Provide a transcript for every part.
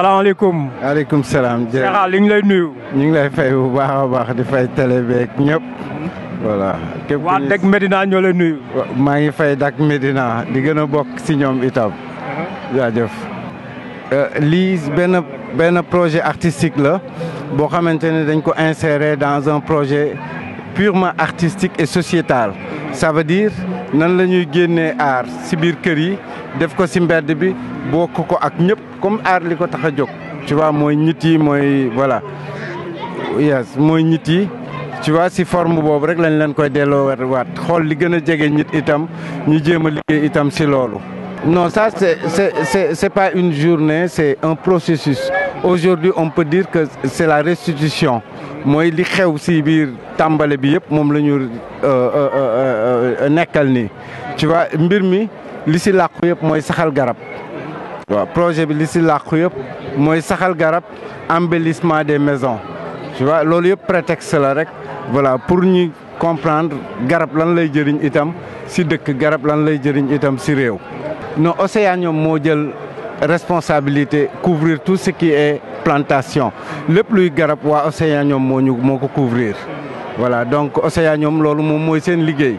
salaamaaleykum. alaykum salaam salam. lay nuyu. lay fay bu baax baax di fay télé voilà képp Dak Medina nuyu. maa ngi fay Dak medina di gën a bokk si ñoom itam. Uh-huh. jaajëf. Euh, lii benn projet artistique la boo xamante dañ ko insérer dans un projet purement artistique et sociétal ça veut dire nan lañuy ñuy génnee ci si biir kër yi def ko ci mbedd bi bokk ko ak ñëpp comme aar liko taxa tax tu vois moy nit yi moy voilà yes moy nit yi tu vois ci forme bobu rek lañ leen koy wat xol li gëna a jege nit itam ñu jéem a itam ci loolu. Non, ça, c'est c'est pas une journée, c'est un processus. Aujourd'hui, on peut dire que c'est la restitution. Moi, xew ci aussi Tambalé euh euh, euh, euh euh, nekkal nii tu vois mbir mi li si làqu yëpp mooy saxal garab waaw projet bi li si làqu yëpp mooy saxal garab embellissement des maisons tu vois loolu yëpp prétexte la rek voilà pour ñu comprendre garab lan lay jëriñ itam si dëkk garab lan lay jëriñ itam si réew non Océanium moo jël responsabilité couvrir tout ce qui est plantation lépp luy garab waa Océanium moo ñu moo ko couvrir voilà donc océan Océanium loolu moom mooy seen liggéey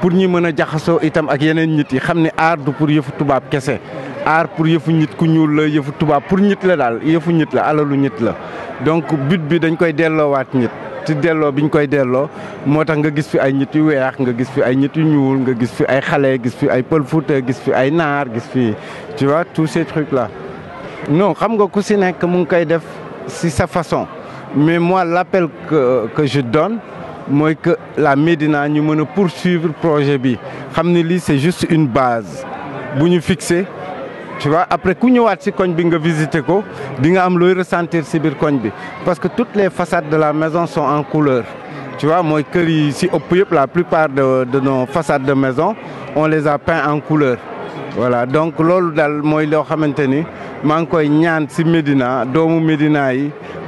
pour ñu mëna jaxaso itam ak yeneen nit yi xamni art du pour yëfu tubaab kese art pour yëfu nit ku ñuul la yëfu tubaab pour nit la dal yëfu nit la alalu nit la donc but bi dañ koy delloowaat nit ci delloo biñ koy delloo motax nga gis fi ay nit yu weex nga gis fi ay nit yu ñuul nga gis fi ay xale gis fi ay pël fuuta gis fi ay nar gis fi tu vois tous ces trucs là non xam nga ku ci nek mu ngi koy def si sa façon mais moi l'appel que que je donne mooy que la Médina ñu poursuivre le poursuivre projet c'est juste une base Pour nous fixer, tu vois après quand nous ci visité, bi nga visiter ko di nga ressentir parce que toutes les façades de la maison sont en couleur tu vois moi la plupart de nos façades de maison on les a peints en couleur voilà donc loolu que mooy loo xamante ni Je suis koy ñaan ci Médina Médina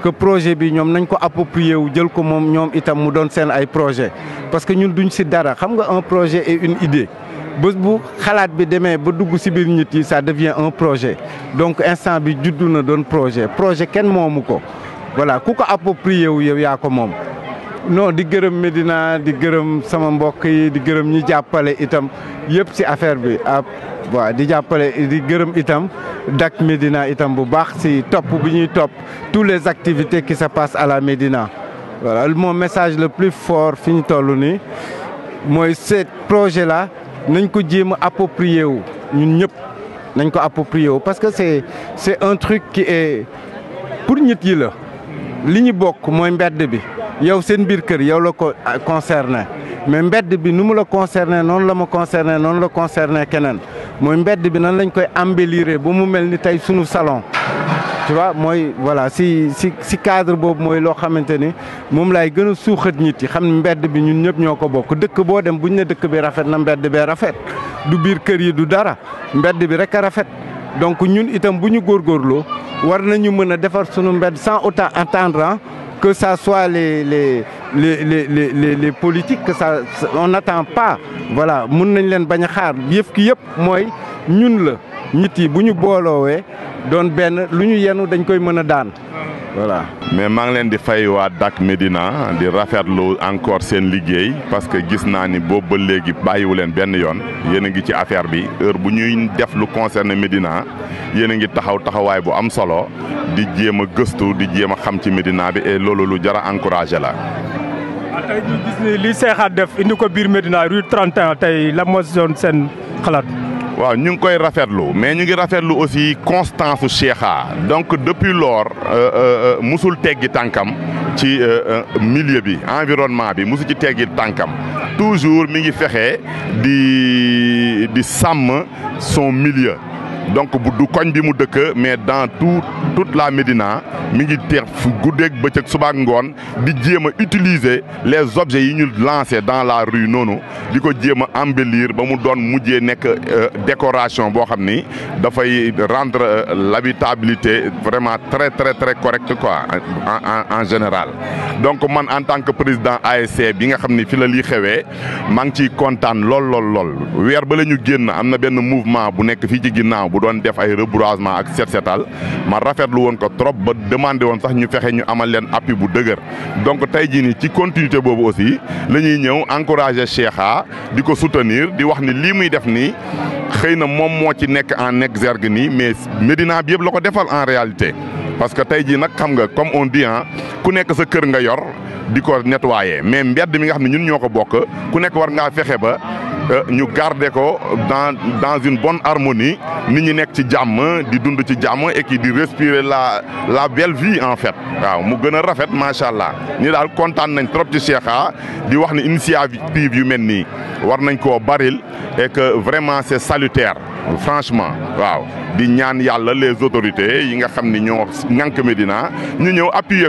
que projet bi ñoom nañ ko approprier wu jël ko moom ñoom itam mu doon seen ay projet parce que ñun duñ si dara xam nga un projet et une idée bës bu xalaat bi demee ba dugg si biir nit yi ça devient un projet donc instant bi juddu na doon projet projet kenn moomu ko voilà ku ko approprier wu yow yaa ko moom. non di gërëm Médina di gërëm sama mbokk yi di gërëm ñi jàppale itam yëpp si affaire bi ah, waaw di jàppale di gërëm itam Dak Medina itam bu baax ci top bi top tous les activités qui se passent à la Medina voilà mon message le plus fort fini tollu ni moy ce projet là nañ ko jéem approprier wu ñun ñëpp nañ ko approprier parce que c'est c'est un truc qui est pour nit yi la li ñu bokk mooy mbedd bi yow seen bir kër yow la ko euh, concerné mais mbedd bi nu mu la concerner non la ma concerner non la concerner kenen mooy mbedd bi nan lañ koy embellir ba mu mel ni tey sunu salon tu vois mooy voilà si si si cadre boobu mooy loo xamante ni moom laay gën a suuxat nit yi xam mbedd bi ñun ñëpp ñoo ko bokk dëkk boo dem bu ñu ne dëkk bi rafet na mbedd bee rafet du biir kër yi du dara mbedd bi rek a rafet donc ñun itam bu ñu góor góorloo war nañu mën a defar sunu mbedd sans autant attendre que ce soit les, les, politiques, que ça, on n'attend pas. Voilà, ne pas voilà mais maa ngi leen di fay waa Dak Médina di rafetlu encore seen liggéey parce que gis naa ni boobu ba léegi bàyyiwu leen benn yoon yéen a ngi ci affaire bi heure bu ñuy def lu concerne Médina yéen a ngi taxaw taxawaay bu am solo di jéem a gëstu di jéem a xam ci Médina bi et loolu lu jar a encouragé la. waaw ah, tey ñu gis ni li Seexaat def indi ko biir Médina rue 31 tey la moo doon seen xalaat. waaw ñu ngi koy rafetlu mais ñu ngi rafetlu aussi constance su Cheikha donc depuis lors euh, euh, euh, musul teggi est ci milieu bi environnement bi musu ci teggi toujours mi ngi fexe di di Sam son milieu donc bu du koñ bi mu dëkk mais dans tout toute la Médina mi ngi teex fu guddeeg bëccëg suba ngoon di jéem utiliser les objets yi ñu lancer dans la rue noonu diko ko embellir ba mu doon mujjé nek euh, décoration bo xamni da fay rendre euh, l'habitabilité vraiment très très très correct quoi en en général. donc man en tant que président ASC bi nga xamni fi la li xewé maa ngi ciy kontaan lol lol lool weer ba lañu génn amna ben mouvement bu nek fi ci ginnaaw. bu doon def ay reboisement ak set setal ma rafetlu won ko trop ba demandé won sax ñu fexé ñu amal len appui bu deuguer donc tay ji ni ci continuité bobu aussi lañuy ñëw encourager Cheikha di soutenir di wax ni lii muy def ni xeyna mom mo ci nek en exergue ni mais medina bi yeb lako defal en réalité parce que tay ji nak xam nga comme on dit hein ku nek sa kër nga yor di nettoyer mais mbedd mi nga xamni ñun ñoko bok ku nek war nga fexé ba Nous euh, garder ko dans dans une bonne harmonie nit ñi nekk ci jàmm di dund ci et qui respirer la la belle vie en fait waaw mu gën a rafet masha'allah. allah ñi daal kontaan nañ trop ci Cheikha di wax ne initiative yu mel nii war baril et que vraiment c'est salutaire franchement waaw di ñaan les autorités yi nga xam ñoo ŋànk Medina, ñu appuyer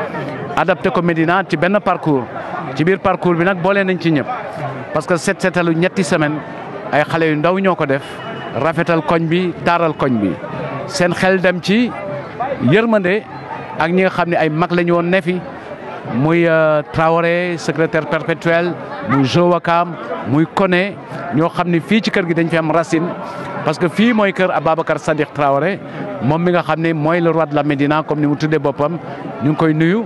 adapté ko Médina ci benn parcours ci biir parcours bi nag boole nañ ci ñëpp parce que set setalu ñetti semaine ay xale yu ndaw ñoo ko def rafetal koñ bi taaral koñ bi seen xel dem ci yërmande ak ñi nga xam ne ay mag lañu woon nefi muy euh, Traoré secrétaire perpétuel muy Jowakam muy Koné ñoo xam ni fii ci kër gi dañ fi am racine parce que fii mooy kër a Ababacar Sadiq Traoré moom mi nga xam ne mooy le roi de la Médina comme ni mu tuddee boppam ñu ngi koy nuyu.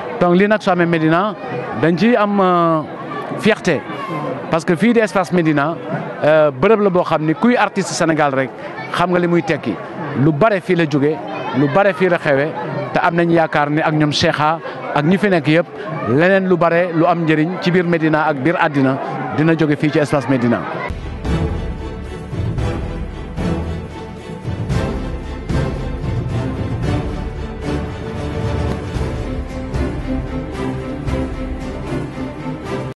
donc lii nag soo amee Médina dañ ci am euh, fierté parce que fii di espace Médina euh, bërëb la boo xam ni kuy artiste Sénégal rek xam nga li muy tekki lu bare fii la jóge lu bare fii la xewe te am nañ yaakaar ni ak ñoom Cheikha ak ñi fi nekk yëpp leneen lu bare lu am njëriñ ci biir Médina ak biir àddina dina jóge fii ci espace Médina